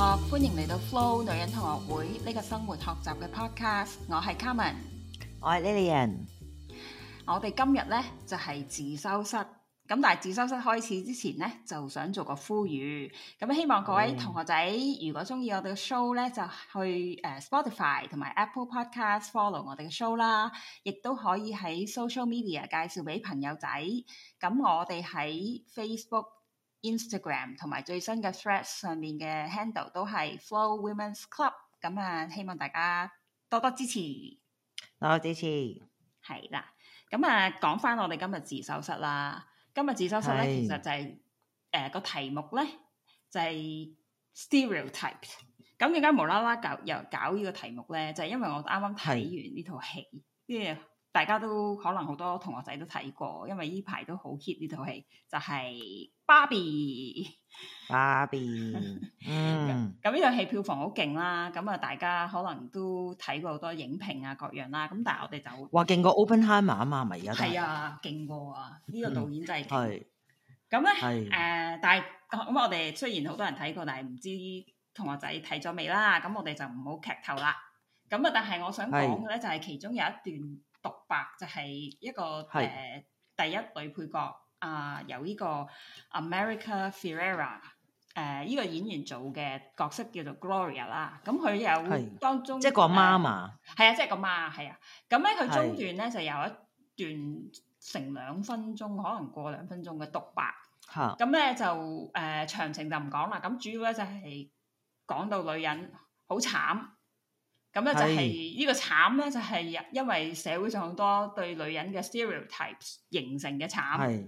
歡迎嚟到 Flo 女人同學會呢、這個生活學習嘅 podcast，我係 Carmen 我係 Lillian，我哋今日咧就係、是、自修室，咁但係自修室開始之前咧，就想做個呼籲，咁希望各位同學仔是如果中意我哋嘅 show 咧，就去誒 Spotify 同埋 Apple Podcast follow 我哋嘅 show 啦，亦都可以喺 social media 介紹俾朋友仔，咁我哋喺 Facebook。Instagram 同埋最新嘅 Threads 上面嘅 Handle 都係 Flo Women’s Club，咁、嗯、啊，希望大家多多支持，多多支持。係啦，咁啊講翻我哋今日自修室啦，今日自修室咧其實就係、是、誒是、呃就是、個題目咧就係 stereotype，咁點解無啦啦搞又搞呢個題目咧？就是、因為我啱啱睇完呢套戲，是 yeah. 大家都可能好多同學仔都睇過，因為呢排都好 hit 呢套戲，就係芭比。芭比，嗯，咁呢套戲票房好勁啦。咁啊，大家可能都睇過好多影評啊，各樣啦。咁但係我哋就話勁過《Oppenheimer》啊嘛，咪而家係啊，勁過啊！呢、呢個導演就係咁咧。誒，但係咁我哋雖然好多人睇過，但係唔知同學仔睇咗未啦。咁我哋就唔好劇透啦。咁啊，但係我想講嘅咧就係、是、其中有一段。獨白就係一個誒第一女配角啊，由呢個 America Ferrera 誒、呃、依、這個演員做嘅角色叫做 Gloria 啦，咁、嗯、佢有當中即係、就是、個媽媽，係、呃、啊，即、就、係、是、個媽係啊，咁咧佢中段咧就有一段成兩分鐘，可能過兩分鐘嘅獨白，咁咧是、嗯嗯、就誒詳、呃、情就唔講啦，咁、嗯、主要咧就係、是、講到女人好慘。咁咧就係、是、呢是個慘咧，就係因為社會上好多對女人嘅 stereotype 形成嘅慘。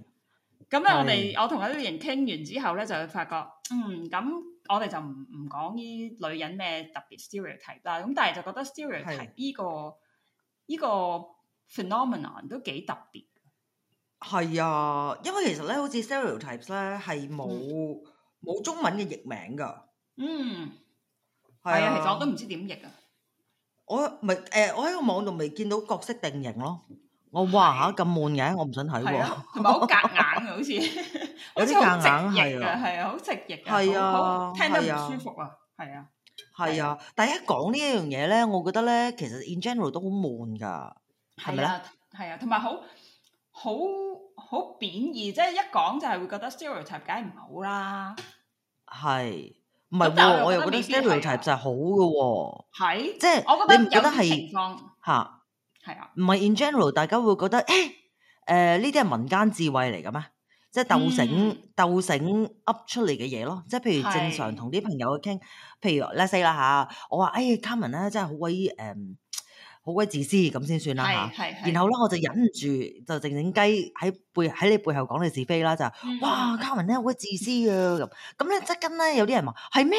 咁咧是，我哋是我同嗰啲人傾完之後咧，就發覺嗯，咁我哋就唔唔講呢女人咩特別 stereotype 啦。咁但係就覺得 stereotype 呢是、呢個依、呢個 phenomenon 都幾特別。係啊，因為其實咧，好似 stereotypes 咧係冇冇中文嘅譯名噶。嗯，係啊，啊，其實我都唔知點譯啊。我咪誒，我喺個網度未見到角色定型咯。我哇，嚇，咁悶嘅，我唔想睇喎，同埋好夾硬嘅好似，好似夾硬啊，係啊，好直譯啊，係啊，聽得唔舒服啊，係啊，係啊。但係一講呢一樣嘢咧，我覺得咧，其實 in general 都好悶㗎，係咪啊？係啊，同埋好好好貶義，即係一講就係會覺得 stereotype 梗係唔好啦。係。唔係喎，我又覺得 stereotype 就係好嘅喎，即係我覺得係嚇，係啊，唔係 in general 大家會覺得誒，誒呢啲係民間智慧嚟嘅咩？即係鬥醒、嗯、鬥醒噏出嚟嘅嘢咯，即係譬如正常同啲朋友去傾，是譬如 let say 啦嚇，我話哎 Carmen 咧真係好威。呃，誒。好鬼自私咁先算啦嚇，然後咧我就忍唔住就靜靜雞喺背喺你背後講你是非啦就，哇，Carmen 咧好鬼自私啊！咁，咁咧側跟咧有啲人話係咩？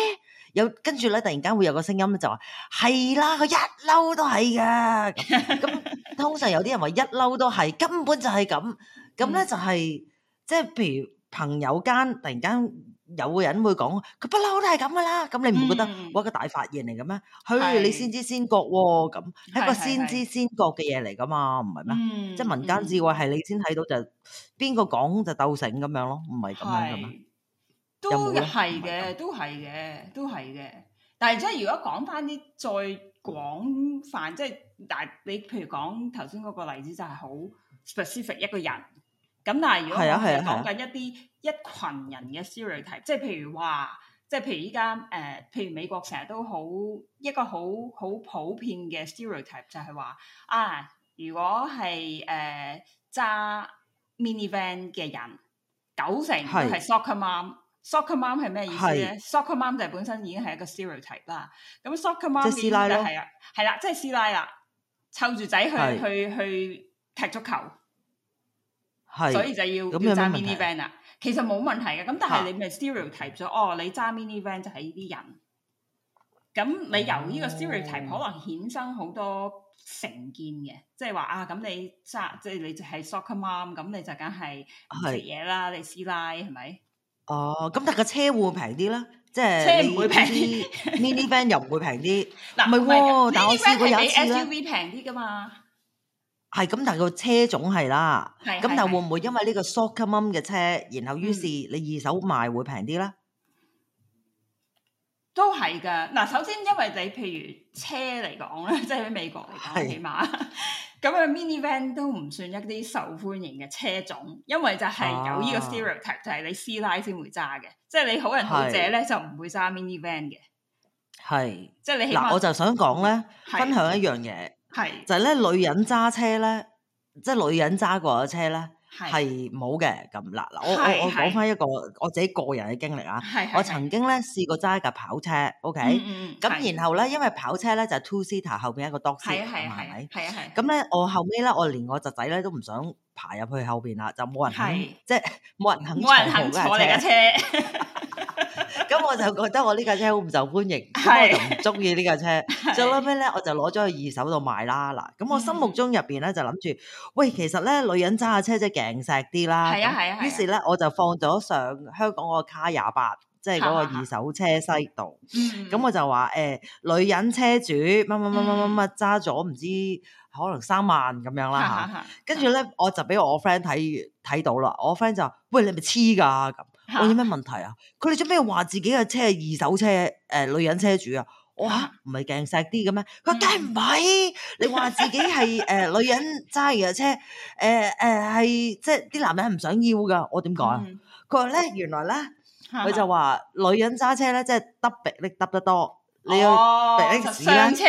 有跟住咧突然間會有個聲音咧就話係啦，佢一嬲都係嘅，咁通常有啲人話一嬲都係，根本就係咁，咁咧就係、是、即係譬如朋友間突然間。有個人會講，佢不嬲都係咁噶啦，咁你唔會覺得我一個大發現嚟嘅咩？去你先知先覺咁，係一個先知先覺嘅嘢嚟噶嘛？唔係咩？即係民間智慧係你先睇到就邊個講就鬥醒咁樣咯？唔係咁樣噶嘛？都係嘅，都係嘅，都係嘅。但係即係如果講翻啲再廣泛，即係但係你譬如講頭先嗰個例子就係好 specific 一個人。咁但係如果我哋講緊一啲、啊啊啊、一群人嘅 stereotype，即係譬如話，即係譬如依家誒，譬如美國成日都好一個好好普遍嘅 stereotype 就係話啊，如果係誒揸、呃、minivan 嘅人，九成都係 soccer mom，soccer mom 係咩是、so、意思咧是？soccer mom 就本身已經係一個 stereotype 啦。咁 soccer mom 即係師奶咯，係、就是、啊，係啦、啊，即、就、係、是、師奶啦，湊住仔去是去去，去，去，去踢足球、球。是所以就要要揸 mini van 啦，其實冇問題嘅。咁但係你 stereotype 咗，哦，你揸 mini van 就係呢啲人，咁你由呢個 stereotype 可能衍生好多成見嘅、就是啊，即係話啊，咁你揸即係你就係 soccer mom 咁你就梗係食嘢啦，你師奶係咪？哦，咁但係個車會平啲啦，即係唔會平啲，mini van 又唔會平啲。嗱，唔係喎，但係我覺得佢比 SUV 平啲㗎嘛。係咁，但係個車種係啦。咁但係會唔會因為呢個 short term 嘅車，然後於是你二手賣會平啲咧？都係噶。嗱，首先因為你譬如車嚟講咧，即係喺美國嚟講，起碼咁嘅 minivan 都唔算一啲受歡迎嘅車種，因為就係有呢個 stereotype，就係你師奶先會揸嘅，即係你好人好者咧就唔會揸 minivan 嘅。係。即係你嗱，我就想講咧，分享一樣嘢。係就係咧，女人揸車咧，即係女人揸過嘅車咧，係冇嘅咁。嗱，我我我講翻一個我自己個人嘅經歷啊。我曾經咧試過揸架跑車，OK？咁然後咧，因為跑車咧就 two seater 後邊一個 dog seat，係啊係咪？係啊係。咁咧我後尾咧，我連我侄仔咧都唔想爬入去後邊啦，就冇人，即係冇人肯，冇人肯坐你架車。咁、 嗯、我就覺得我呢架車好唔受歡迎，是我就唔中意呢架車。是最後尾咧，我就攞咗去二手度賣啦。嗱，咁我心目中入邊咧就諗住，喂，其實咧女人揸架車即係勁錫啲啦。係啊係啊係。於是咧、啊，我就放咗上香港嗰個 Car 廿八，即係嗰個二手車西度。啊、嗯。咁我就話誒、呃，女人車主乜乜乜乜乜乜揸咗唔知可能三萬咁樣啦嚇、啊。跟住咧，我就俾我 friend 睇睇到啦。我 friend 就喂，喂，你咪黐㗎咁。 我有咩問題啊？佢哋做咩話自己嘅車係二手車？誒、呃、女人車主啊，嘩，唔係勁錫啲嘅咩？佢梗唔係？你話自己係誒、呃、女人揸嘅車，誒誒係即係啲男人係唔想要㗎。我點講啊？佢話咧，原來咧，佢、嗯、就話、嗯、女人揸車咧，即係得逼力揼得多，你要鎖鼻鎖鼻鎖、哦、雙車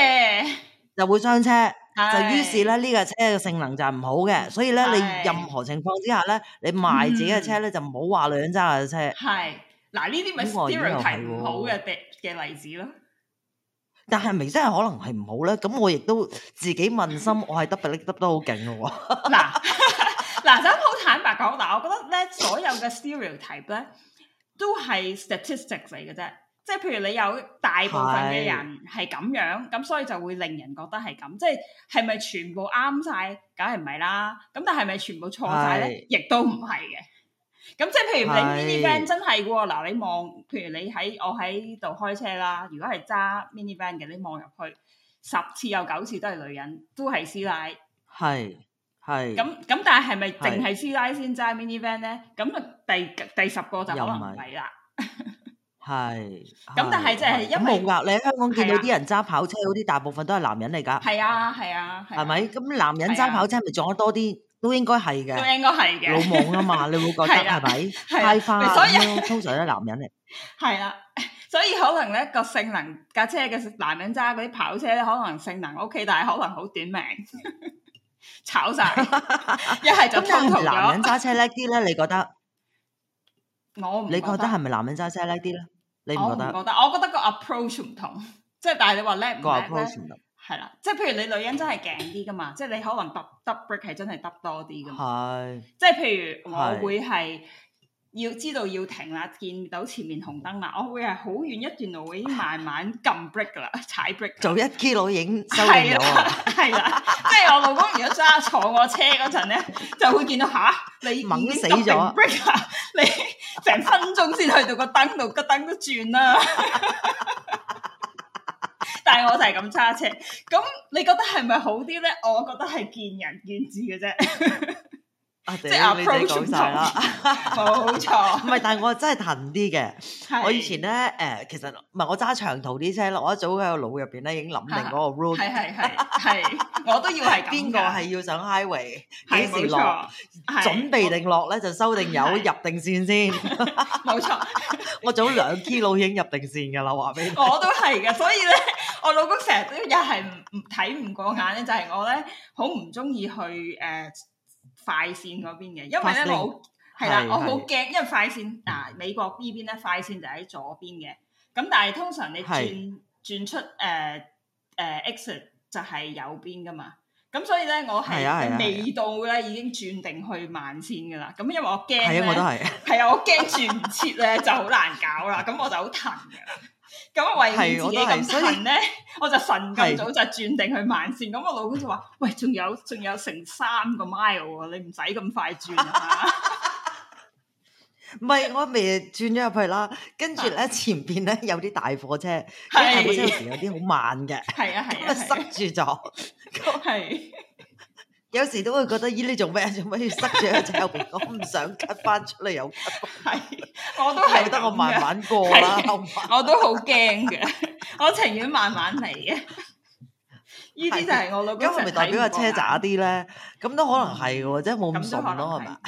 就會雙車。就是於是咧，呢、這、架、個、車嘅性能就係唔好嘅，所以咧是你任何情況之下咧，你賣自己嘅車咧、嗯、就唔好話女人揸嘅車。係，嗱呢啲咪 stereotype 唔好嘅嘅例子咯。的但係咪真係可能係唔好咧，咁我亦都自己問心， 我係 double double 都好勁嘅喎。嗱嗱，咁好坦白講，嗱，我覺得咧所有嘅 stereotype 咧都係 statistics 嚟嘅啫。即係譬如你有大部分嘅人係咁樣，咁是所以就會令人覺得係咁，即係係咪全部啱晒？梗係唔係啦。咁但係咪全部錯晒咧？是亦都唔係嘅。咁即係譬如你 mini van 真係嘅，哦，嗱是你望，譬如你喺我喺度開車啦，如果係揸 mini van 嘅，你望入去十次有九次都係女人都係師奶，係係。咁咁但係係咪淨係師奶先揸 mini van 咧？咁啊第第十個就可能唔係啦。係，咁但係即係一望啊，你喺香港見到啲人揸跑車嗰啲，大部分都係男人嚟㗎。係啊，係啊。係咪？咁男人揸跑車咪撞得多啲？都應該係嘅。都應該係嘅。老懵啊嘛！你會覺得係咪？開花咁樣通常都係男人嚟。係啦，所以可能咧個性能架車嘅男人揸嗰啲跑車咧，可能性能 OK，但係可能好短命，炒曬。一係咁，但係男人揸車叻啲咧？你覺得？我唔，你覺得係咪男人揸車叻啲咧？我唔覺得，我覺得個 approach 唔同，即 係但係你話叻唔叻咧，係啦，即係譬如你女人真係勁啲噶嘛， 即係你可能 double break 係真係得多啲噶嘛，是即係譬如我會係。要知道要停啦，見到前面紅燈啦，我會係好遠一段路會慢慢一已經慢慢撳 brake e 噶啦，踩 brake 做一 k 佬影收零度。係啦、啊，啊、 即係我老公如果揸坐，坐我車嗰陣咧，就會見到嚇、啊、你懵死咗，brake 你成分鐘先去到個燈度，個燈都轉啦。 但係我就係咁揸車，咁你覺得係咪好啲咧？我覺得係見仁見智嘅啫。 即係 a p p 晒 o 啦，冇錯。唔係，但係我真係騰啲嘅。我以前咧，誒，其實唔係我揸長途啲車咯。我早喺個腦入邊咧，已經諗定嗰個 rule。係係係，係我都要係。邊個係要上 highway？幾時落？準備定落咧，就收定油，入定線先。冇錯。我早兩 k i 已經入定線噶啦，話俾你。我都係嘅，所以咧，我老公成日都又係唔唔睇唔過眼咧，就係我咧好唔中意去誒。快線嗰邊嘅，因為咧我好係啦，我好驚，因為快線嗱美國呢邊咧，快線就喺左邊嘅，咁但係通常你轉的轉出誒誒、呃呃、exit 就係右邊噶嘛，咁所以咧我係未到咧已經轉定去慢線噶啦，咁因為我驚咧，係啊我都係，係啊我驚轉唔切咧就好難搞啦，咁我就好疼嘅。咁為唔自己咁神咧，我就神咁早就轉定去慢線。咁我老公就話：喂，仲有仲有成三個 mile，你唔使咁快轉。唔係，我未轉咗入去啦。跟住咧，前邊咧有啲大貨車，跟住有啲好慢嘅，係啊係啊，塞住咗。都係。有時都會覺得咦？你做咩？做咩要塞住喺後邊？我唔想 cut 翻出嚟，又係，我都留得我慢慢過啦。我都好驚嘅，我情願慢慢嚟嘅。呢啲就係我老公。咁係咪代表個車渣啲咧？咁都可能係嘅，即係冇咁慫咯，係咪？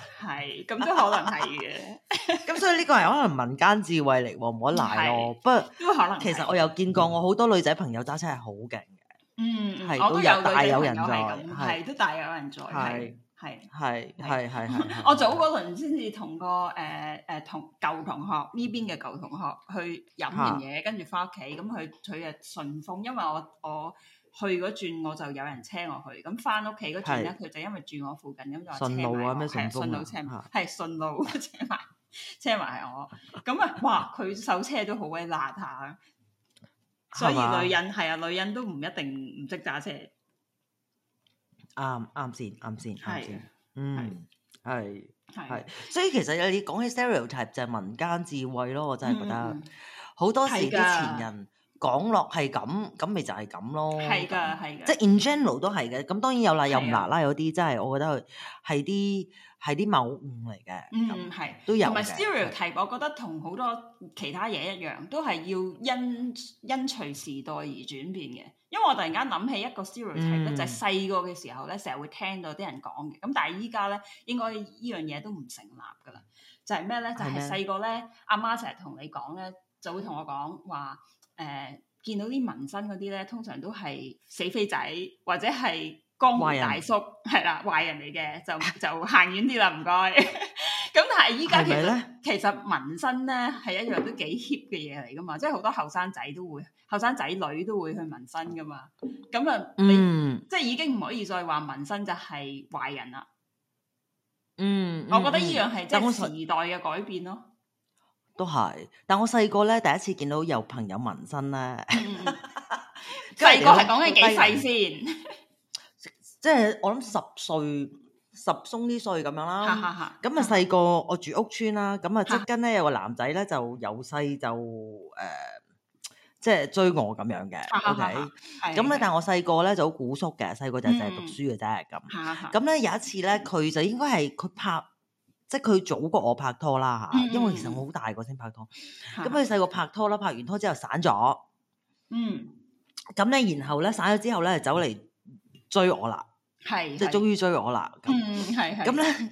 係，咁都可能係嘅。咁所以呢個係可能民間智慧嚟，唔好賴我。不過可能，其實我又見過我好多女仔朋友揸車係好勁。嗯，我都有大有人在，係都大有人在，係係係係係。我早嗰輪先至同個誒誒同舊同學呢邊嘅舊同學去飲完嘢，跟住翻屋企。咁佢佢誒順風，因為我我去嗰轉我就有人車我去。咁翻屋企嗰轉咧，佢就因為住我附近，咁就順路啊咩？順路車，係順路車埋，車埋我。咁啊，哇！佢揸車都好鬼辣下。所以女人係吧啊，女人都唔一定唔識揸車。啱啱先啱先，啱先係。嗯，係係係，所以其實有你講起 stereotype 就係民間智慧咯，我真係覺得好、嗯、多時啲前人。講落係咁，咁咪就係咁咯。係㗎，係㗎。即係 in general 都係嘅。咁當然有啦，又辣的有唔啦啦，有啲真係我覺得佢係啲係啲謬誤嚟嘅。嗯，係都有同埋 Stereotype，我覺得同好多其他嘢一樣，都係要因因隨時代而轉變嘅。因為我突然間諗起一個 Stereotype、嗯，就係細個嘅時候咧，成日會聽到啲人講嘅。咁但係依家咧，應該呢樣嘢都唔成立㗎喇。就係咩咧？就係細個咧，阿媽成日同你講咧，就會同我講話。誒、呃、見到啲紋身嗰啲咧，通常都係死飛仔或者係江大叔，係啦人，壞人嚟嘅，就就行遠啲啦，唔該。咁 但係依家其實吧其實紋身咧係一樣都幾 hip 嘅嘢嚟噶嘛，即係好多後生仔都會，後生仔女都會去紋身噶嘛。咁啊，嗯、即係已經唔可以再話紋身就係壞人啦、嗯。嗯，我覺得依樣係即係時代嘅改變咯。都係，但我細個咧第一次見到有朋友紋身咧，細個係講緊幾細先， 即係我諗十歲十鬆啲歲咁樣啦。咁啊細個我住屋村啦，咁啊即跟咧有個男仔咧就由細就誒、呃，即係追我咁樣嘅。OK，咁咧，嗯、但我細個咧就好古縮嘅，細個就淨係讀書嘅啫。咁咁咧有一次咧，佢就應該係佢拍。即係佢早過我拍拖啦，吓，因為其實我好大個先拍拖，咁佢細個拍拖啦，拍完拖之後散咗，嗯，咁咧然後咧散咗之後咧就走嚟追我啦，係，即係終於追我啦，嗯，係咁咧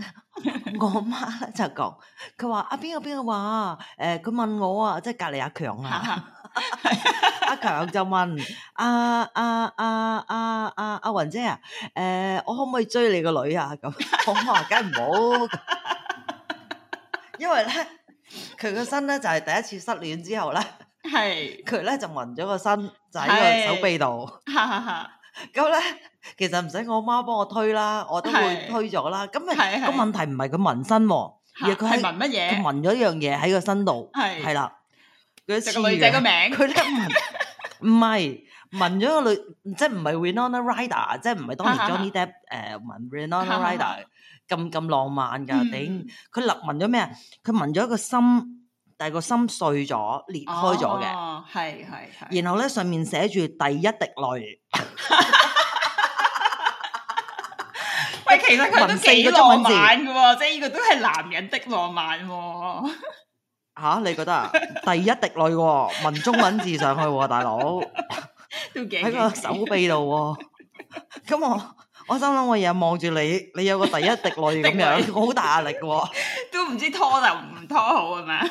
我媽咧就講，佢話阿邊個邊個話，誒佢問我啊，即係隔籬阿強啊，阿強就問阿阿阿阿阿阿雲姐啊，誒我可唔可以追你個女啊？咁我話梗唔好。因為咧，佢個身咧就係第一次失戀之後咧，係佢咧就紋咗個身喺個手臂度，哈哈，咁咧其實唔使我媽幫我推啦，我都會推咗啦。咁啊個問題唔係佢紋身，而佢係紋乜嘢？佢紋咗一樣嘢喺個身度，係啦，佢個女仔嘅名，佢呢？唔係紋咗個女，即係唔係 Winona Ryder，即係唔係當年 Johnny Depp 誒紋 Winona Ryder。咁咁浪漫噶，頂！佢立紋咗咩啊？佢紋咗個心，但係個心碎咗、裂開咗嘅，係係。然後咧上面寫住第一滴淚。喂，其實佢都幾浪漫嘅喎，即係呢個都係男人的浪漫喎。嚇？你覺得啊？第一滴淚喎，紋中文字上去喎，大佬。喺個手臂度喎，咁我。我心諗我日日望住你，你有個第一滴落嚟咁樣，我好 大壓力嘅。 都唔知拖就唔拖好係咪？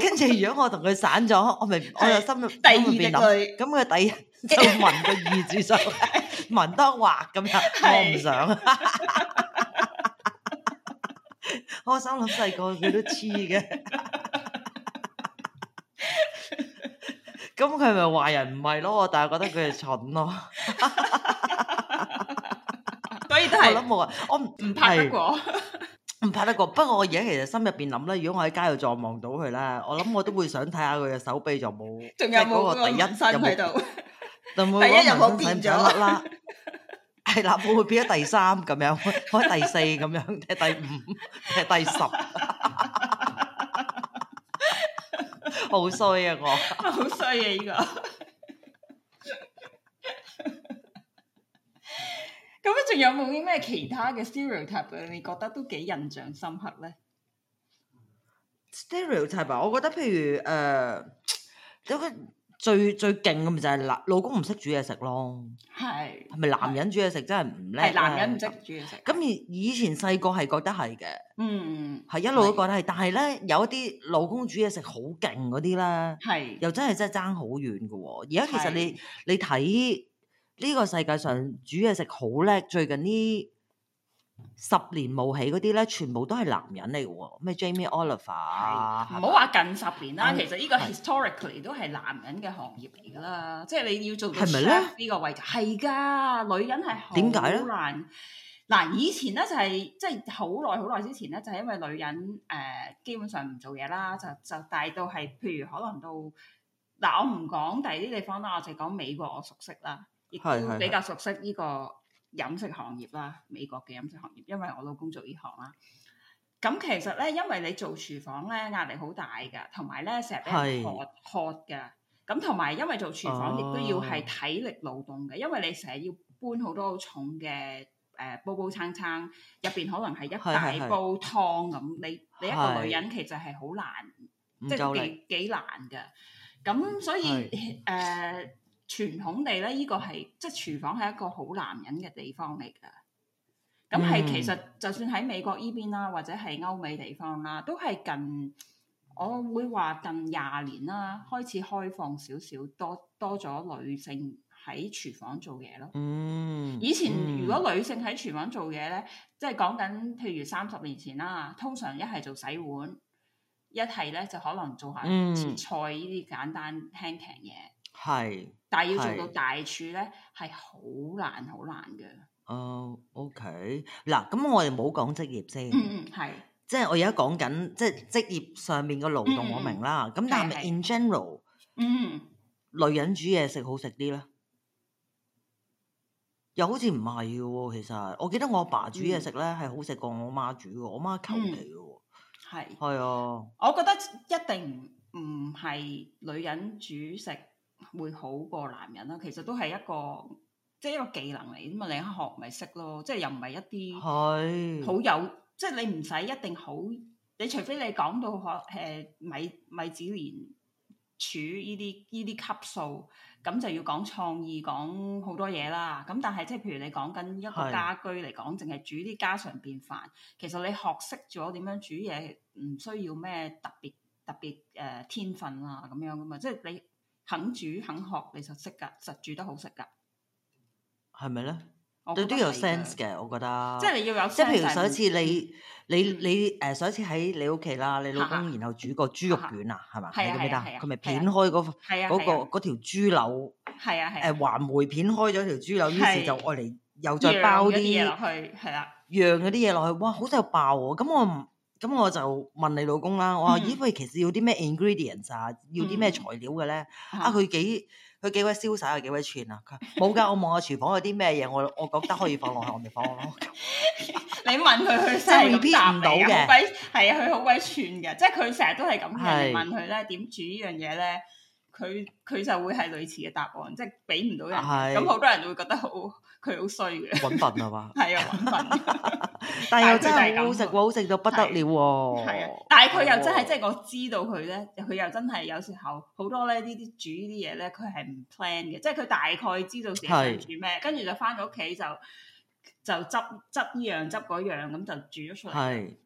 跟住 如果我同佢散咗，我咪我就心入低，滴落去。咁佢第一就聞個二字就聞得滑咁樣，是我唔不想， 想。我心諗細個佢都黐嘅。咁佢咪壞人唔係咯？我但係覺得佢係蠢咯、啊。 是我諗我我唔拍得過，唔拍得過。不過我而家其實心入邊諗咧，如果我喺街度撞望到佢咧，我諗我都會想睇下佢嘅手臂就冇，仲有冇個第一喺度？第一又冇變咗甩啦，係啦， 我會變咗第三咁樣，開第四咁樣，踢第五，踢第十， 好衰啊！我好衰啊！依、呢個。咁仲有冇啲咩其他嘅 stereotype 你覺得都幾印象深刻咧？stereotype，我覺得譬如誒，嗰、呃、個最最勁嘅咪就係男老公唔識煮嘢食咯。係是。係咪男人煮嘢食真係唔叻？係男人唔識煮嘢食。咁而以前細個係覺得係嘅。嗯嗯。係一路都覺得係，是但係咧有一啲老公煮嘢食好勁嗰啲啦。係是。又真係真係爭好遠㗎喎！而家其實你是你睇。呢個世界上煮嘢食好叻，最近呢十年冒起嗰啲咧，全部都係男人嚟嘅喎。咩 Jamie Oliver 啊係，唔好話近十年啦，嗯、其實呢個 historically 係都係男人嘅行業嚟噶啦。即係你要做 chef 呢係咪個位置？係㗎，女人係點解咧？好難嗱，以前咧就係即係好耐好耐之前咧，就係因為女人誒基本上唔做嘢啦，就就大到係，譬如可能到嗱，我唔講第二啲地方啦，我就講美國，我熟悉啦。亦都比較熟悉呢個飲食行業啦，美國嘅飲食行業，因為我老公做呢行啦。咁其實咧，因為你做廚房咧，壓力好大㗎，同埋咧成日俾人喝喝㗎。咁同埋因為做廚房亦都要係體力勞動嘅，哦、因為你成日要搬好多好重嘅誒、呃、煲煲罉罉，入邊可能係一大煲湯咁。湯，你你一個女人其實係好難，是即係幾幾難嘅。咁所以誒。呃傳統地咧，呢個係即係廚房係一個好男人嘅地方嚟噶。咁係其實就算喺美國依邊啦，或者係歐美地方啦，都係近，我會話近廿年啦，開始開放少少，多多咗女性喺廚房做嘢咯。嗯，以前如果女性喺廚房做嘢咧，嗯、即係講緊譬如三十年前啦，通常一係做洗碗，一係咧就可能做下切菜呢啲簡單、嗯、輕平嘢。係，是但係要做到大廚咧，係好難好難嘅。哦、uh,，OK，嗱，咁我哋冇講職業先，嗯、mm，係、hmm,，即係我而家講緊，即係職業上面嘅勞動我明啦。咁、mm hmm. 但係 in general，嗯、mm，hmm. 女人煮嘢食好食啲咧，又好似唔係嘅喎。其實我記得我阿爸，爸煮嘢食咧係好食過我阿媽煮嘅，mm hmm. 我阿媽求其嘅喎。係、mm，係、hmm. 是啊，我覺得一定唔係女人煮食。會好過男人啦。其實都係一個即係一個技能嚟咁啊，你一學咪識咯。即係又唔係一啲好有，是即係你唔使一定好。你除非你講到學誒米米芝蓮廚呢啲呢啲級數，咁就要講創意，講好多嘢啦。咁但係即係譬如你講緊一個家居嚟講，淨係是煮啲家常便飯，其實你學識咗點樣煮嘢，唔需要咩特別特別誒、呃、天分啊咁樣噶嘛。即係你。肯煮肯學你就識㗎，實煮得好食㗎，係咪咧？佢都有 sense 嘅，我覺得。即係你要有，即係譬如上一次你你你誒上一次喺你屋企啦，你老公然後煮個豬肉卷啊，係嘛？係啊係啊，佢咪片開嗰嗰個嗰條豬柳，係啊係啊，誒橫梅片開咗條豬柳，於是就愛嚟又再包啲嘢落去，係啦，釀嗰啲嘢落去，哇，好就爆喎！咁我。咁、嗯、我就問你老公啦，我話咦？喂，其實要啲咩 ingredient 啊？要啲咩材料嘅、啊、咧？啊，佢幾佢幾鬼瀟灑，又幾鬼串啊！冇㗎，我望下廚房有啲咩嘢，我我覺得可以放落去，我咪放咯。 你問佢，佢真係 答唔到嘅。鬼係啊！佢好鬼串嘅，即係佢成日都係咁嘅。是問佢咧點煮呢樣嘢咧，佢佢就會係類似嘅答案，即係俾唔到人。咁好是多人都會覺得好。佢好衰嘅，搵笨，係嘛？係啊，搵笨。但又真係好食，好食到不得了喎。係啊，但係佢又真係，即係我知道佢咧，佢又真係有時候好多咧呢啲煮呢啲嘢咧，佢係唔 plan 嘅，即係佢大概知道自己想煮咩，跟住就翻到屋企就就執執呢樣執嗰樣，咁就煮咗出嚟。係。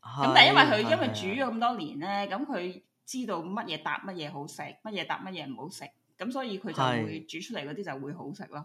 咁但係因為佢因為煮咗咁多年咧，咁佢知道乜嘢搭乜嘢好食，乜嘢搭乜嘢唔好食，咁所以佢就會煮出嚟嗰啲就會好食咯。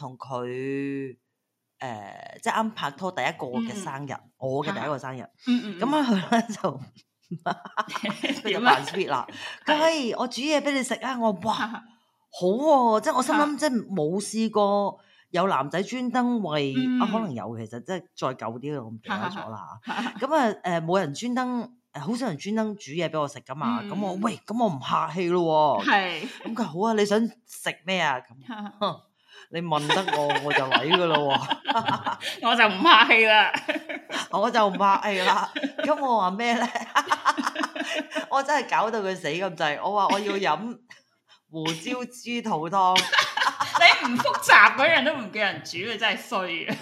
同佢誒，即係啱拍拖第一個嘅生日，我嘅第一個生日，咁樣佢咧就，就扮 sweet 啦。係，我煮嘢俾你食啊！我話哇，好喎！即係我心諗，即係冇試過有男仔專登為，可能有其實即係再久啲，我唔記得咗啦。咁啊誒，冇人專登，好少人專登煮嘢俾我食噶嘛。咁我喂，咁我唔客氣咯喎。係，咁佢好啊？你想食咩啊？咁你問得我我就嚟噶啦，我就唔 客氣啦， 我就唔客氣啦。咁我話咩咧？我真係搞到佢死咁滯。我話我要飲胡椒豬肚湯。 你唔複雜嗰樣都唔叫人煮，你真係衰啊！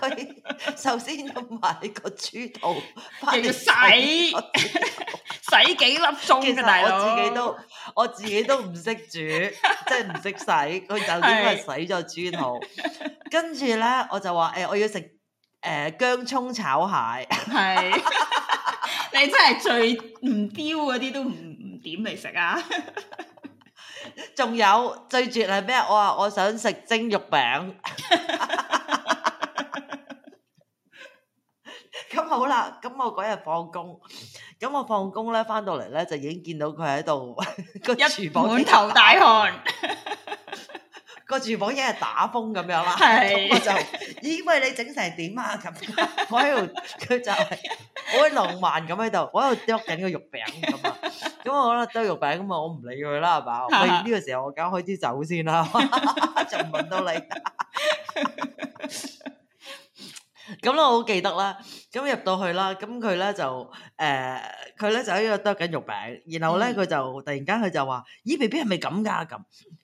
佢 首先要買個豬肚，快要洗。 洗幾粒鐘其實我自己都 我自己都唔識煮， 即係唔識洗。佢就點係洗咗磚頭，跟住咧我就話：誒、欸，我要食誒姜葱炒蟹。係， 你真係最唔標嗰啲都唔唔點嚟食啊！仲 有最絕係咩？我話我想食蒸肉餅。 咁好啦，咁我嗰日放工，咁我放工咧翻到嚟咧就已經見到佢喺度個一廚房，滿頭大汗， 個廚房已經打風咁樣啦。我就，以為、 哎、你整成點啊？咁，我喺度，佢就係、是、好浪漫咁喺度，我喺度剁緊個肉餅咁啊。咁、嗯、我喺度剁肉餅咁啊，我唔理佢啦，係嘛？呢、 這個時候我搞開支酒先啦，就 聞到你。 咁咧我好記得啦，咁入到去啦，咁佢咧就誒，佢咧就喺度剁緊肉餅，然後咧佢就突然間佢就話：咦？BB 係咪咁噶？咁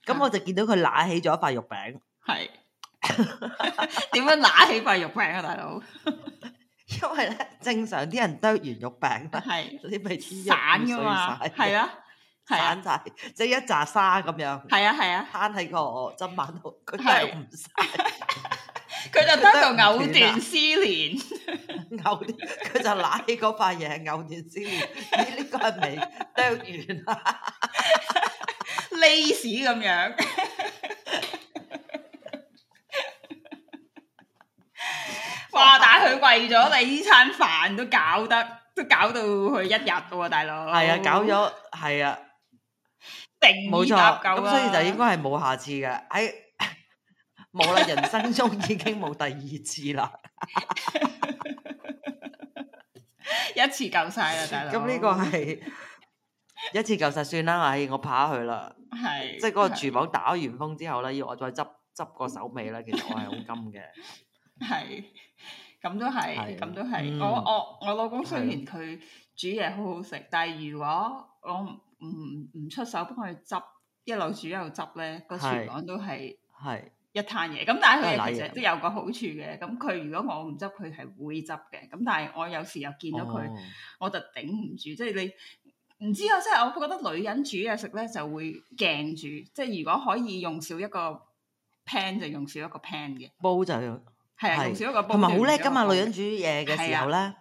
咁我就見到佢揦起咗一塊肉餅，係點樣揦起塊肉餅啊，大佬？因為咧正常啲人剁完肉餅啦，係你咪散噶嘛？係啊，散晒，即一紮沙咁樣。係啊係啊，攤喺個砧板度，佢都唔散。佢就得到藕斷絲連、啊，藕佢就拿起嗰塊嘢藕斷絲連、哎，呢、這個係未，得完啊？lace 咁樣， 屎般般 哇！但佢為咗你呢餐飯都搞得都搞到佢一日喎，大佬係啊，搞咗係啊，定冇錯啊，咁所以就應該係冇下次嘅喺。冇啦，人生中已經冇第二次啦 ，一次夠晒啦，大佬。咁呢個係一次夠晒算啦，唉，我怕佢啦，係是，即係嗰個廚房打完風之後咧，要我再執執個手尾咧，其實我係好金嘅，係， 咁都係，咁都係，嗯、我我我老公雖然佢煮嘢好好食，的但係如果我唔唔出手幫佢執，一路煮一路執咧，個廚房都係係。一攤嘢，咁但係佢其實都有個好處嘅，咁佢如果我唔執佢係會執嘅，咁但係我有時候又見到佢，哦、我就頂唔住。即係你唔知啊，即係我覺得女人煮嘢食咧就會鏡住，即係如果可以用少一個 pan 就用少一個 pan 嘅，煲就用係對是用少一個煲，同埋好叻㗎嘛，女人煮嘢嘅時候咧。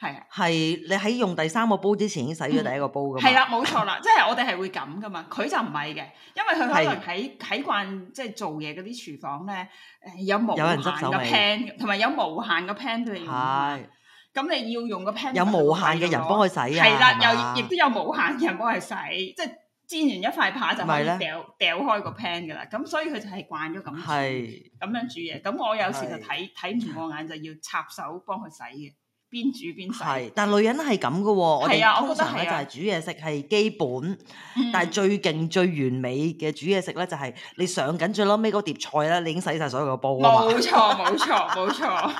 係啊，係你喺用第三個煲之前已經洗咗第一個煲㗎嘛？係啦，冇錯喇，即係我哋係會咁㗎嘛。佢就唔係嘅，因為佢可能喺喺慣即係做嘢嗰啲廚房咧，誒有無限嘅 pan，同埋有無限嘅 pan 都要用。係，咁你要用個 pan 有無限嘅人幫佢洗啊？係啦，又亦都有無限嘅人幫佢洗，即係煎完一塊扒就可以掉掉開個 pan 㗎喇。咁所以佢就係慣咗咁，係咁樣煮嘢。咁我有時就睇睇唔過眼，就要插手幫佢洗嘅。邊煮邊食？係，但女人係咁嘅喎。我覺得係啊。通常咧就係煮嘢食係基本，但係最勁、最完美嘅煮嘢食咧就係你上緊最撈尾嗰碟菜啦，你已經洗晒所有嘅煲啊嘛。冇錯，冇錯，冇錯，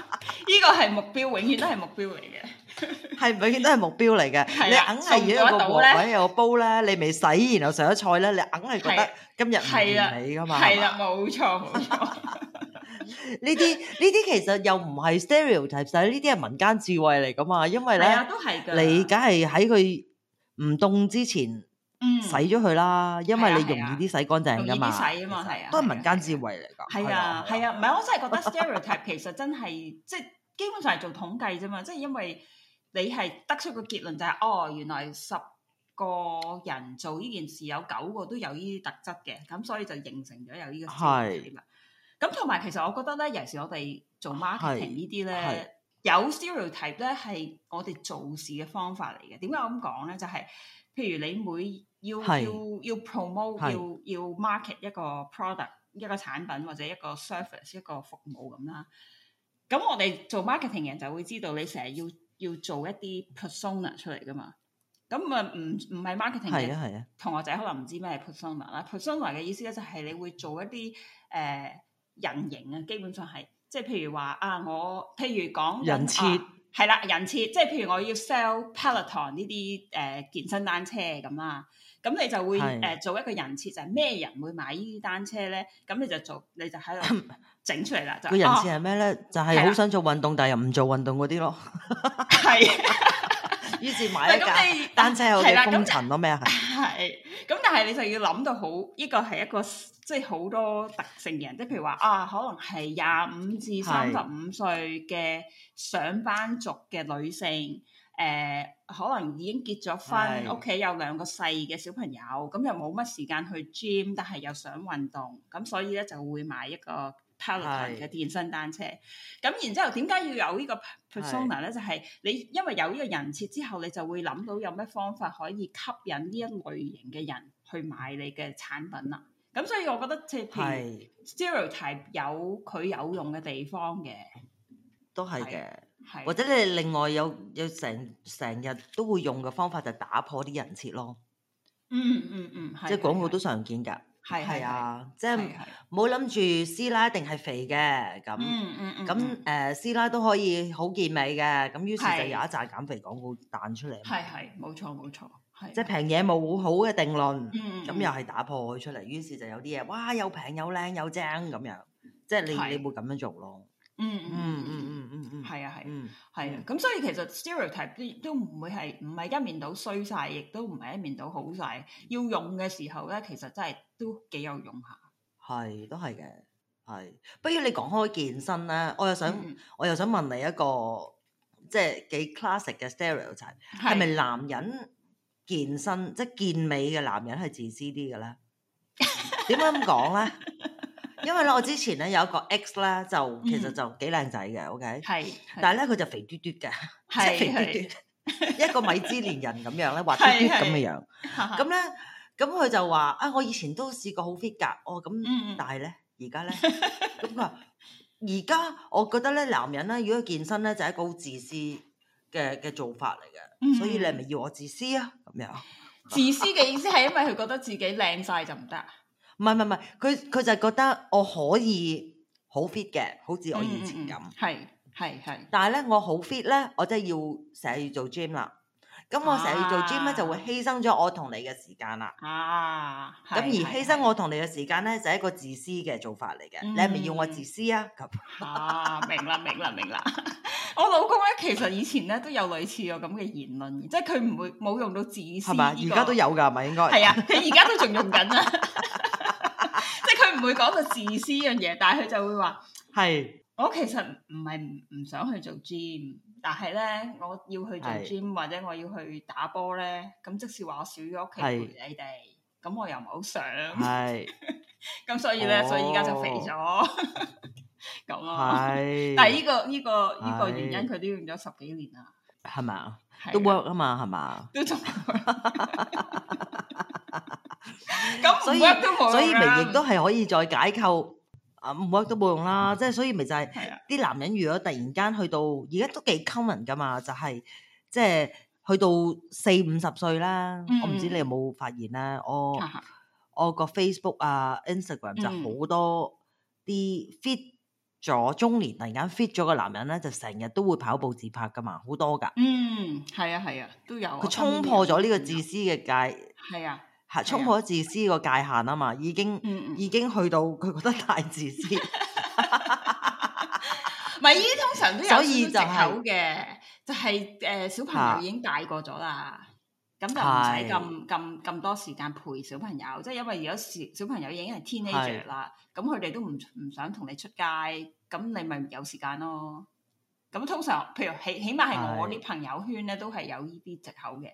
依個係目標，永遠都係目標嚟嘅。係永遠都係目標嚟嘅。你硬係用一個鍋有個煲咧，你未洗，然後上咗菜咧，你硬係覺得今日唔完美㗎嘛？係啦，冇錯，冇錯。呢啲呢啲其實又唔係 stereotype，但呢啲係民間智慧嚟噶嘛，因為咧、啊、你梗係喺佢唔凍之前洗咗佢啦，嗯、因為你容易啲洗乾淨噶嘛、嗯，容易洗啊嘛，係啊，都係民間智慧嚟噶。係啊係啊，唔係、啊啊、我真係覺得 stereotype 其實真係即係基本上係做統計啫嘛，即係因為你係得出個結論就係、是、哦原來十個人做呢件事有九個都有呢啲特質嘅，咁所以就形成咗有呢個係嘛。咁同埋，其實我覺得咧，尤其是我哋做 marketing 呢啲咧， 有 s e r i a l t y p e 咧，係我哋做事嘅方法嚟嘅。點解我咁講咧？就係、是、譬如你每要是要要 promote 是要要 market 一個 product 一個產品或者一個 service 一個服務咁啦。咁我哋做 marketing 人就會知道你，你成日要要做一啲 persona 出嚟噶嘛。咁啊，唔唔係 marketing 嘅同學仔可能唔知咩 persona 啦、啊。啊、persona 嘅意思咧就係你會做一啲誒。呃人形啊，基本上係即係、啊，譬如話啊，我譬如講人設係啦，人設即係譬如我要 sell Peloton 呢啲誒健身單車咁啊，咁你就會誒、呃、做一個人設就係咩人會買呢啲單車咧？咁、嗯、你就做，你就喺度整出嚟啦。個人設係咩咧？就係好、呃就是、想做運動，但係又唔做運動嗰啲咯。係，於是買一架單車又嘅工程咯、就是，咩啊？係，咁但係你就要諗到好，呢個係一個。即係好多特性嘅人，即係譬如話啊，可能係廿五至三十五歲嘅上班族嘅女性，誒是的、呃、可能已經結咗婚，屋企是的 有兩個細嘅小朋友，咁又冇乜時間去 gym，但係又想運動，咁所以咧就會買一個 Peloton 嘅健身單車。咁是的 然之後點解要有個呢個 persona 咧？是的 就係你因為有呢個人設之後，你就會諗到有咩方法可以吸引呢一類型嘅人去買你嘅產品啦。咁所以，我覺得即係 stereotype 有佢有用嘅地方嘅，都係嘅。或者你另外有有成成日都會用嘅方法就打破啲人設咯。嗯嗯嗯，即係廣告都常見㗎。係係啊，即係冇諗住師奶一定係肥嘅。咁咁誒，師奶都可以好健美嘅。咁於是就有一紮減肥廣告彈出嚟。係係，冇錯冇錯。即係平嘢冇好嘅定論，咁又係打破佢出嚟。於是就有啲嘢，哇，又平又靚又正咁樣，即係你你會咁樣做咯。嗯嗯嗯嗯嗯嗯，係啊係，係啊。咁所以其實 stereotype 都唔會係唔係一面倒衰晒，亦都唔係一面倒好晒。要用嘅時候咧，其實真係都幾有用下。係都係嘅，係。不如你講開健身咧，我又想我又想問你一個即係幾 classic 嘅 stereotype 係咪男人？健身即係健美嘅男人係自私啲噶啦，點解咁講咧？因為咧，我之前咧有一個 X 咧，就其實就幾靚仔嘅，OK，係，但係咧佢就肥嘟嘟嘅，肥嘟嘟，的一個米芝蓮人咁樣咧，的滑嘟嘟咁嘅樣，咁咧咁佢就話啊、哎，我以前都試過好 fit 噶，哦咁，但係咧而家咧咁話，而家我覺得咧男人咧如果佢健身咧就係一個好自私。嘅嘅做法嚟嘅，嗯、所以你係咪要我自私啊？咁 樣自私嘅意思係因為佢覺得自己靚晒就唔得，唔係， 唔係，唔係，佢佢就係覺得我可以好 fit 嘅，好似我以前咁，係、嗯，係，係，但係咧我好 fit 咧，我真係要成日要做 gym 啦。咁、啊、我成日要做 gym 咧，就會犧牲咗我同你嘅時間啦。啊，咁而犧牲我同你嘅時間咧，就係一個自私嘅做法嚟嘅。嗯、你係咪要我自私啊？咁 啊，明啦明啦明啦！ 我老公咧，其實以前咧都有類似個咁嘅言論，即係佢唔會冇用到自私、這個。係嘛？而家都有㗎，係咪應該？係 啊，佢而家都仲用緊啊！即係佢唔會講到自私呢樣嘢，但係佢就會話係是我其實唔係唔想去做 gym。但係咧，我要去做 gym 或者我要去打波咧，咁即使話我少咗屋企陪你哋，咁是我又唔係好想，咁是 所以咧，所以而家就肥咗咁啊！但係呢個依個依個原因，佢都用咗十幾年啦，係嘛？都 work 啊嘛，係嘛？咁所以所以咪。亦都係可以再解構。啊唔 work 都冇用啦，即係所以咪就係、是、啲、啊、男人如果突然間去到而家都幾 common 噶嘛，就係、是、即係去到四五十歲啦、嗯。我唔知你有冇發現咧，啊、我我個 Facebook 啊、Instagram 就好多啲 fit 咗中年突然間 fit 咗個男人咧，就成日都會跑步自拍噶嘛，好多噶。嗯，係啊，係啊，都有都。佢衝破咗呢個自私嘅界。係啊。係衝破自私個界限啊嘛，已經、嗯、已經去到佢覺得太自私。咪依啲通常都有啲、就是、藉口嘅，就係、是、誒小朋友已經大過咗啦，咁、啊、就唔使咁咁咁多時間陪小朋友，即、就、係、是、因為如果小朋友已經係 teenager 啦，咁佢哋都唔唔想同你出街，咁你咪有時間咯。咁通常譬如起起碼係我啲是朋友圈咧都係有呢啲藉口嘅，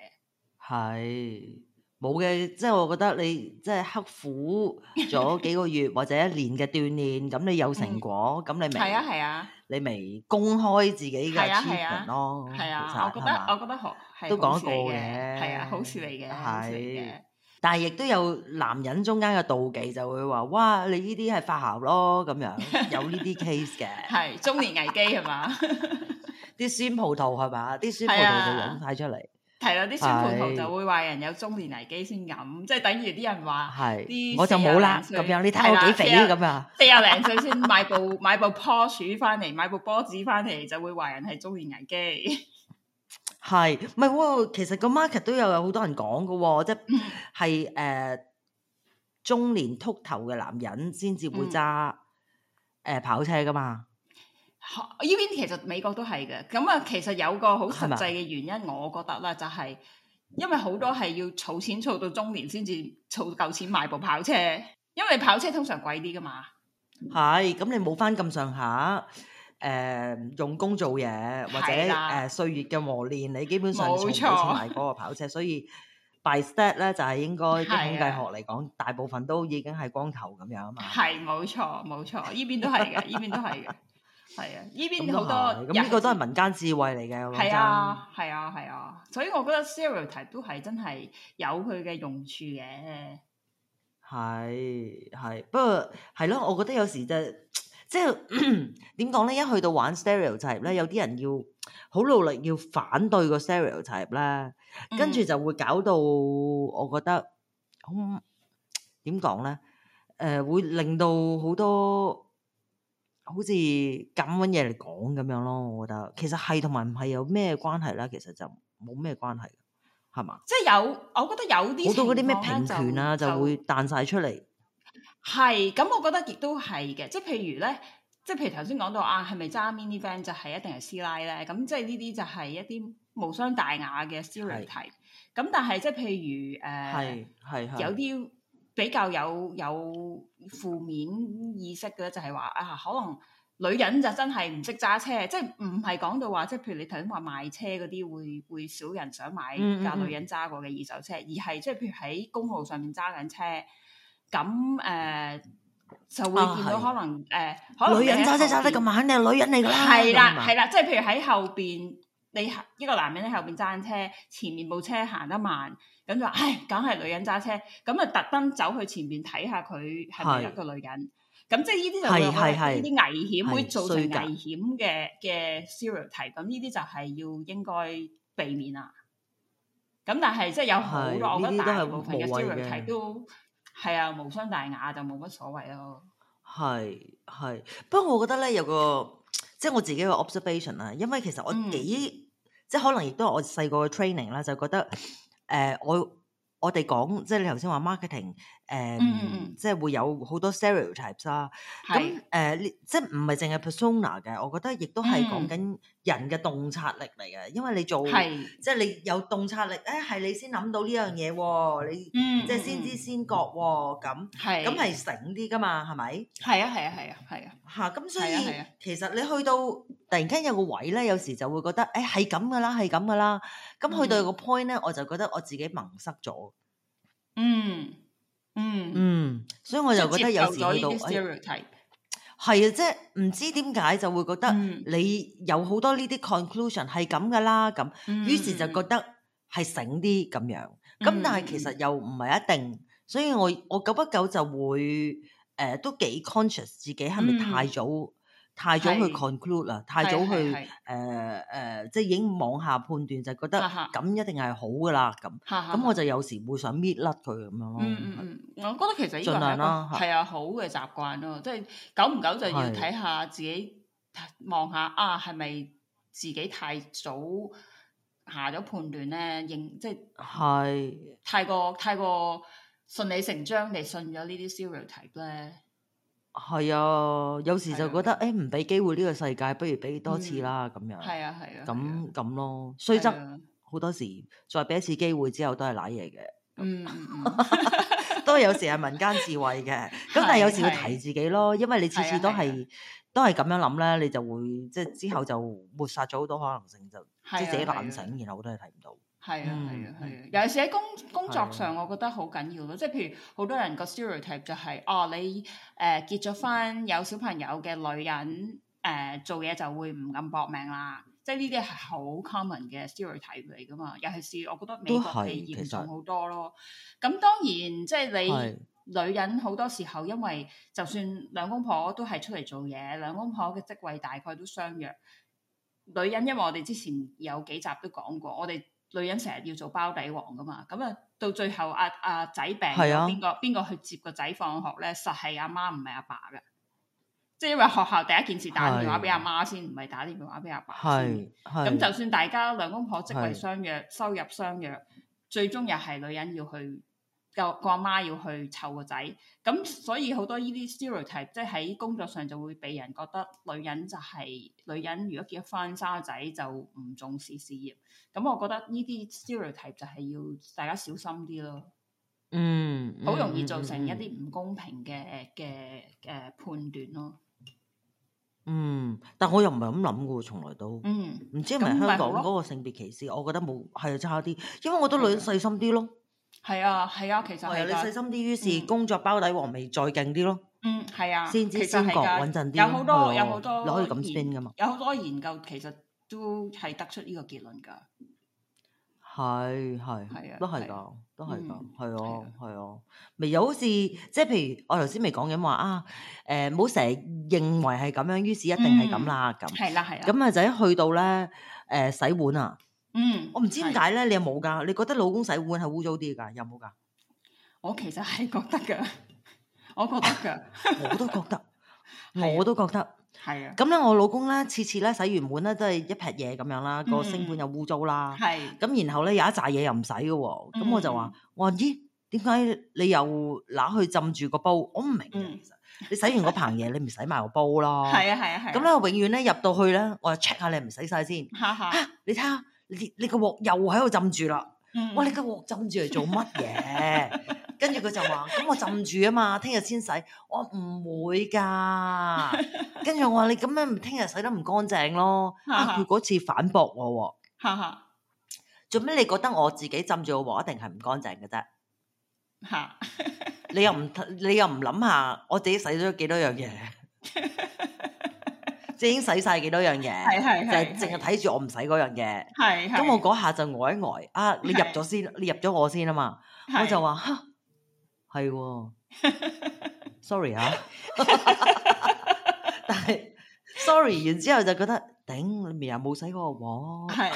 係。冇嘅，即係我覺得你即係刻苦咗幾個月或者一年嘅鍛鍊，咁你有成果，咁你咪？係啊係啊，你咪公開自己嘅超人咯？係啊，我覺得我覺得好係好事嚟嘅。係啊，好事嚟嘅。係，但係亦都有男人中間嘅妒忌，就會話：哇，你呢啲係發姣咯咁樣，有呢啲 case 嘅。係中年危機係嘛？啲酸葡萄係嘛？啲酸葡萄就飲曬出嚟。係啦，啲小朋友就會話人有中年危機先飲，是即係等於啲人話，是我就冇啦。咁樣你睇下幾肥咁啊吧？四廿十零歲先買部 買部 p o 跑車翻嚟，買部波子翻嚟，就會話人係中年危機。係，唔係喎？其實個 market 都有好多人講噶喎，即係係誒中年禿頭嘅男人先至會揸誒、嗯呃、跑車噶嘛。呢邊其實美國都係嘅，咁、嗯、啊，其實有個好實際嘅原因，吧我覺得啦，就係因為好多係要儲錢儲到中年先至儲夠錢買部跑車，因為跑車通常貴啲㗎嘛。係，咁你冇返咁上下，誒、呃，用功做嘢或者誒歲的、呃、月嘅磨練，你基本上從冇錢買嗰個跑車，錯所以 by stat 咧就係應該，經濟學嚟講，大部分都已經係光頭咁樣啊嘛。係的，冇錯冇錯，呢邊都係嘅，呢邊都係嘅。係啊，呢邊好多，呢個是、嗯、都係民間智慧嚟嘅。係啊的，係啊，係啊，所以我覺得 Stereotype 都係真係有佢嘅用處嘅。係係，不過係咯，我覺得有時就即係點講咧，一去到玩 Stereotype 咧，有啲人要好努力要反對個 Stereotype 啦，跟住就會搞到我覺得好點講咧？誒、嗯呃，會令到好多。好似咁樣嘢嚟講咁樣咯，我覺得其實係同埋唔係有咩關係啦。其實就冇咩關係，係嘛？即係有，我覺得有啲好多嗰啲咩平權啊，就，就，就會彈晒出嚟。係，咁我覺得亦都係嘅。即係譬如咧，即係譬如頭先講到啊，係咪揸 mini van 就係一定係師奶咧？咁即係呢啲就係一啲無傷大雅嘅 stereotype。咁是但係即係譬如誒，係、呃、係有啲。比較有有負面意識嘅就係話啊，可能女人就真係唔識揸車，即係唔係講到話即係譬如你頭先話買車嗰啲會會少人想買架女人揸過嘅二手車，而係即係譬如喺公路上面揸緊車，咁誒就會見到可能誒，女人揸車揸得咁慢，肯定係女人嚟噶啦，係啦係啦，即係譬如喺後邊你一個男人喺後邊揸緊車，前面部車行得慢。咁就唉，梗係女人揸車，咁啊，特登走去前面睇下佢係咪一個女人，咁即係呢啲就係呢啲危險係係係會造成危險嘅嘅 stereotype 咁呢啲就係要應該避免啦。咁但係即係有好多，的我覺得大部分嘅 stereotype 都係啊無傷大雅，就冇乜所謂咯。係係，不過我覺得咧有個即係、就是、我自己個 observation 啦，因為其實我幾、嗯、即係可能亦都係我細個嘅 training 啦，就覺得。誒，uh，我我哋講，即係你頭先話 marketing。誒，即係會有好多 stereotype 啦。咁誒，呢即係唔係淨係 persona 嘅？我覺得亦都係講緊人嘅洞察力嚟嘅。因為你做，是即係你有洞察力，誒、哎、係你先諗到呢樣嘢喎。你、嗯、即係先知先覺喎、啊，咁咁係醒啲噶嘛？係咪？係啊，係啊，係啊，係啊。嚇！咁所以其實你去到突然間有個位咧，有時就會覺得，誒係咁噶啦，係咁噶啦。咁、嗯、去到個 point 咧，我就覺得我自己盲塞咗。嗯。嗯，mm. 所以我就覺得有時去到，係啊，即係唔知點解就會覺得你有好多呢啲 conclusion 係咁噶啦，咁、mm. 於是就覺得係醒啲咁樣，咁但係其實又唔係一定，mm. 所以我我久不久就會誒、呃、都幾 conscious 自己係咪太早。Mm. 太早去 conclude 啦，太早去誒誒，即係已經妄下判斷，就覺得咁一定係好噶啦咁。咁我就有時會想搣甩佢咁樣咯。嗯嗯嗯，我覺得其實依個係係啊好嘅習慣咯，即係久唔久就要睇下自己望下啊，係咪自己太早下咗判斷咧？認即係太過太過順理成章地信咗呢啲 stereotype 咧。係啊，有時就覺得誒唔俾機會呢個世界，不如俾多次啦咁樣。係啊係啊。咁咁咯，雖則好多時再俾一次機會之後，都係瀨嘢嘅。嗯，都係有時係民間智慧嘅。咁但係有時要提自己咯，因為你次次都係都係咁樣諗咧，你就會即係之後就抹殺咗好多可能性，就即係自己懶醒，然後我都係睇唔到。係啊，係、嗯、啊，係啊！啊啊尤其是喺工工作上，我覺得好緊要咯。即係、啊、譬如，好多人個 stereotype 就係、是、哦、啊，你誒、呃、結咗婚有小朋友嘅女人誒、呃、做嘢就會唔咁搏命啦。即係呢啲係好 common 嘅 stereotype 嚟噶嘛。尤其是我覺得美國係嚴重好多咯。咁當然，即係你女人好多時候，因為就算兩公婆都係出嚟做嘢，兩公婆嘅職位大概都相若。女人因為我哋之前有幾集都講過，我哋。女人成日要做包底王噶嘛，咁啊到最後阿阿仔病咗，邊個邊個去接個仔放學咧？實係阿媽唔係阿爸嘅，即係因為學校第一件事打電話俾阿媽先，唔係、啊、打電話俾阿爸先。咁、啊啊、就算大家兩公婆職位相約，啊、收入相約，最終又係女人要去，個阿媽要去湊個仔，咁所以好多呢啲 stereotype，即係喺工作上就會俾人覺得女人就係、是、女人，如果結婚生個仔就唔重視事業。咁我覺得呢啲 stereotype 就係要大家小心啲咯，嗯。嗯，好容易造成一啲唔公平嘅嘅嘅判斷咯。嗯，但我又唔係咁諗嘅，從來都，唔、嗯、知係咪香港嗰個性別歧視，我覺得冇係差啲，因為我覺得女人細心啲咯。係啊，係啊，其實係你細心啲，於是工作包底黃眉再勁啲咯。嗯，係啊。先至先覺，穩陣啲。有好多，有好多。可以咁先噶嘛？有好多研究，其實都係得出呢個結論㗎。係係。係啊，都係㗎，都係㗎，係啊，係啊。咪又好似即係譬如我頭先未講緊話啊，誒冇成日認為係咁樣，於是一定係咁啦咁。係啦係啦。咁啊就一去到咧誒洗碗啊！嗯，我唔知點解咧，你又冇噶？你覺得老公洗碗係污糟啲㗎？有冇㗎？我其實係覺得㗎，我覺得㗎，我都覺得，我都覺得，係啊。咁咧，我老公咧，次次咧洗完碗咧都係一劈嘢咁樣啦，個鋅盤又污糟啦。係。咁然後咧有一紮嘢又唔使嘅喎，咁我就話，我話咦，點解你又攞去浸住個煲？我唔明嘅，其實你洗完個棚嘢，你唔使埋個煲咯。係啊係啊係。咁咧，永遠咧入到去咧，我就 check 下你唔使晒先。你睇下。你你個鑊又喺度浸住啦，嗯、哇！你個鑊浸住嚟做乜嘢？跟住佢就話：咁我浸住啊嘛，聽日先洗。我唔會噶。跟住 我話：你咁樣，聽日洗得唔乾淨咯？佢嗰、 啊、次反駁我喎。吓，做咩你覺得我自己浸住個鑊一定係唔乾淨嘅啫？吓 你又唔你又唔諗下，我自己洗咗幾多樣嘢？ 已經使晒幾多樣嘢，就係淨係睇住我唔使嗰樣嘢。咁是我嗰下就呆一呆，是是啊你入咗先，你先入咗我先啊嘛，是是我就話，係 ，sorry 啊， 但係，sorry，然之後就覺得，頂，你咪又冇使過喎。係，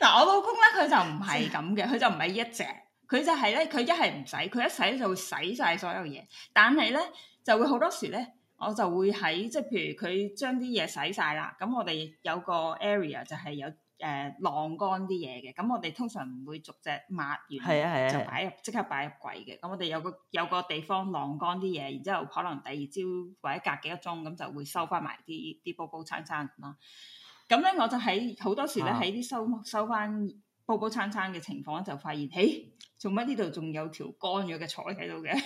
嗱我老公咧，佢就唔係咁嘅，佢就唔係一隻，佢就係咧，佢一係唔使，佢一使就會使晒所有嘢，但係咧就會好多時咧。呢我就會喺即係，譬如佢將啲嘢洗晒啦，咁我哋有個 area 就係有誒晾乾啲嘢嘅，咁、呃、我哋通常唔會逐隻抹完、係啊係啊、就擺入即刻擺入櫃嘅，咁我哋有個有個地方晾乾啲嘢，然之後可能第二朝或者隔幾個鐘咁就會收翻埋啲啲煲煲餐餐啦。咁咧我就喺好多時咧喺啲收收翻煲煲餐餐嘅情況就發現，誒做乜呢度仲有條乾咗嘅菜喺度嘅？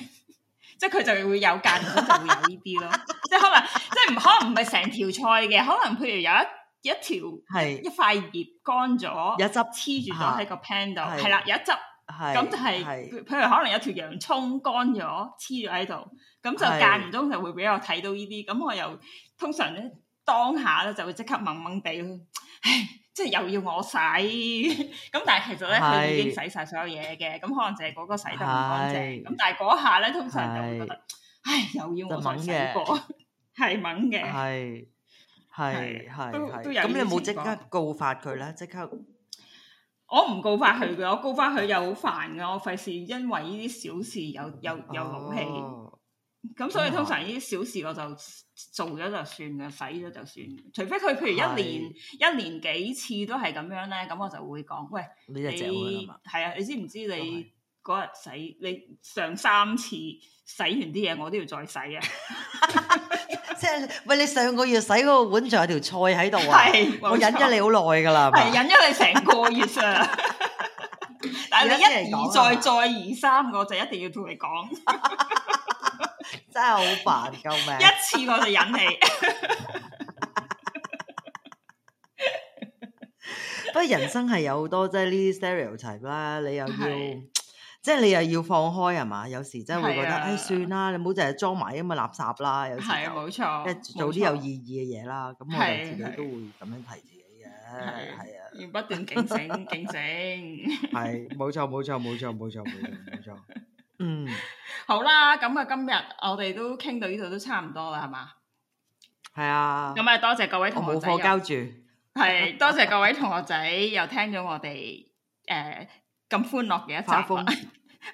即係佢就會有間唔中就會有呢啲咯，即係可能即係唔可能唔係成條菜嘅，可能譬如有一一條係一塊葉乾咗，有一汁黐住咗喺個盤度，係啦，有一汁咁就係，譬如可能有條洋蔥乾咗黐咗喺度，咁就間唔中就會畀我睇到呢啲，咁我又通常咧當下咧就會即刻掹掹哋，唉。即係又要我洗，咁 但係其實咧，佢已經洗晒所有嘢嘅，咁是可能淨係嗰個洗得唔乾淨，咁是是但係嗰下咧，通常就會覺得，唉，又要我再洗過，係掹嘅，係是係是是都有。咁你冇即刻告發佢啦？即刻，我唔告發佢嘅，我告翻佢又好煩㗎，我費事因為呢啲小事又又又勞氣。咁所以通常呢啲小事我就做咗就算嘅，洗咗就算。除非佢譬如一年一年幾次都係咁樣咧，咁我就會講：喂，你係啊？你知唔知你嗰日洗你上三次洗完啲嘢，我都要再洗啊。即係喂，你上個月洗個碗仲有條菜喺度啊！我忍咗你好耐㗎啦，係忍咗你成個月啊！但係你一而再再而三，我就一定要同你講。真係好煩，救命！一次我就忍氣。不過人生係有好多即係呢啲 stereotype 啦，你又要即係你又要放開係嘛？有時真會覺得誒，算啦，你唔好淨係裝埋咁嘅垃圾啦。有係啊，冇錯。做啲有意義嘅嘢啦，咁我哋自己都會咁樣提自己嘅，係啊。要不斷警醒，警醒。係冇錯，冇錯，冇錯，冇錯，冇錯，冇錯。嗯，好啦，咁啊，今日我哋都傾到呢度都差唔多啦，係嘛？係啊。咁啊，多謝各位同學仔。我冇課交住。係，多謝各位同學仔又聽咗我哋誒咁歡樂嘅一集。發瘋。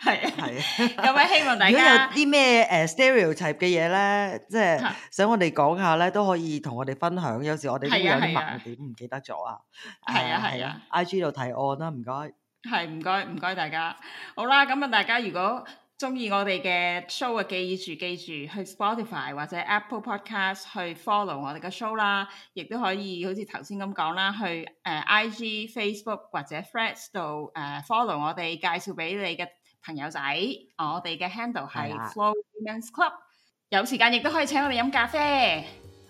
係。係。有咩希望大家有啲咩誒 stereotype 嘅嘢咧？即係想我哋講下咧，都可以同我哋分享。有時我哋都有啲盲點唔記得咗啊？係啊係啊。IG 度提案啦，唔該。係唔該唔該，大家好啦！咁啊，大家如果中意我哋嘅 show，啊記住記住去 Spotify 或者 Apple Podcast 去 follow 我哋嘅 show 啦，亦都可以好似頭先咁講啦，去誒 IG Facebook 或者 Threads 度誒 follow 我哋，介紹俾你嘅朋友仔。我哋嘅 handle 係 Flo Women's Club，有時間亦都可以請我哋飲咖啡。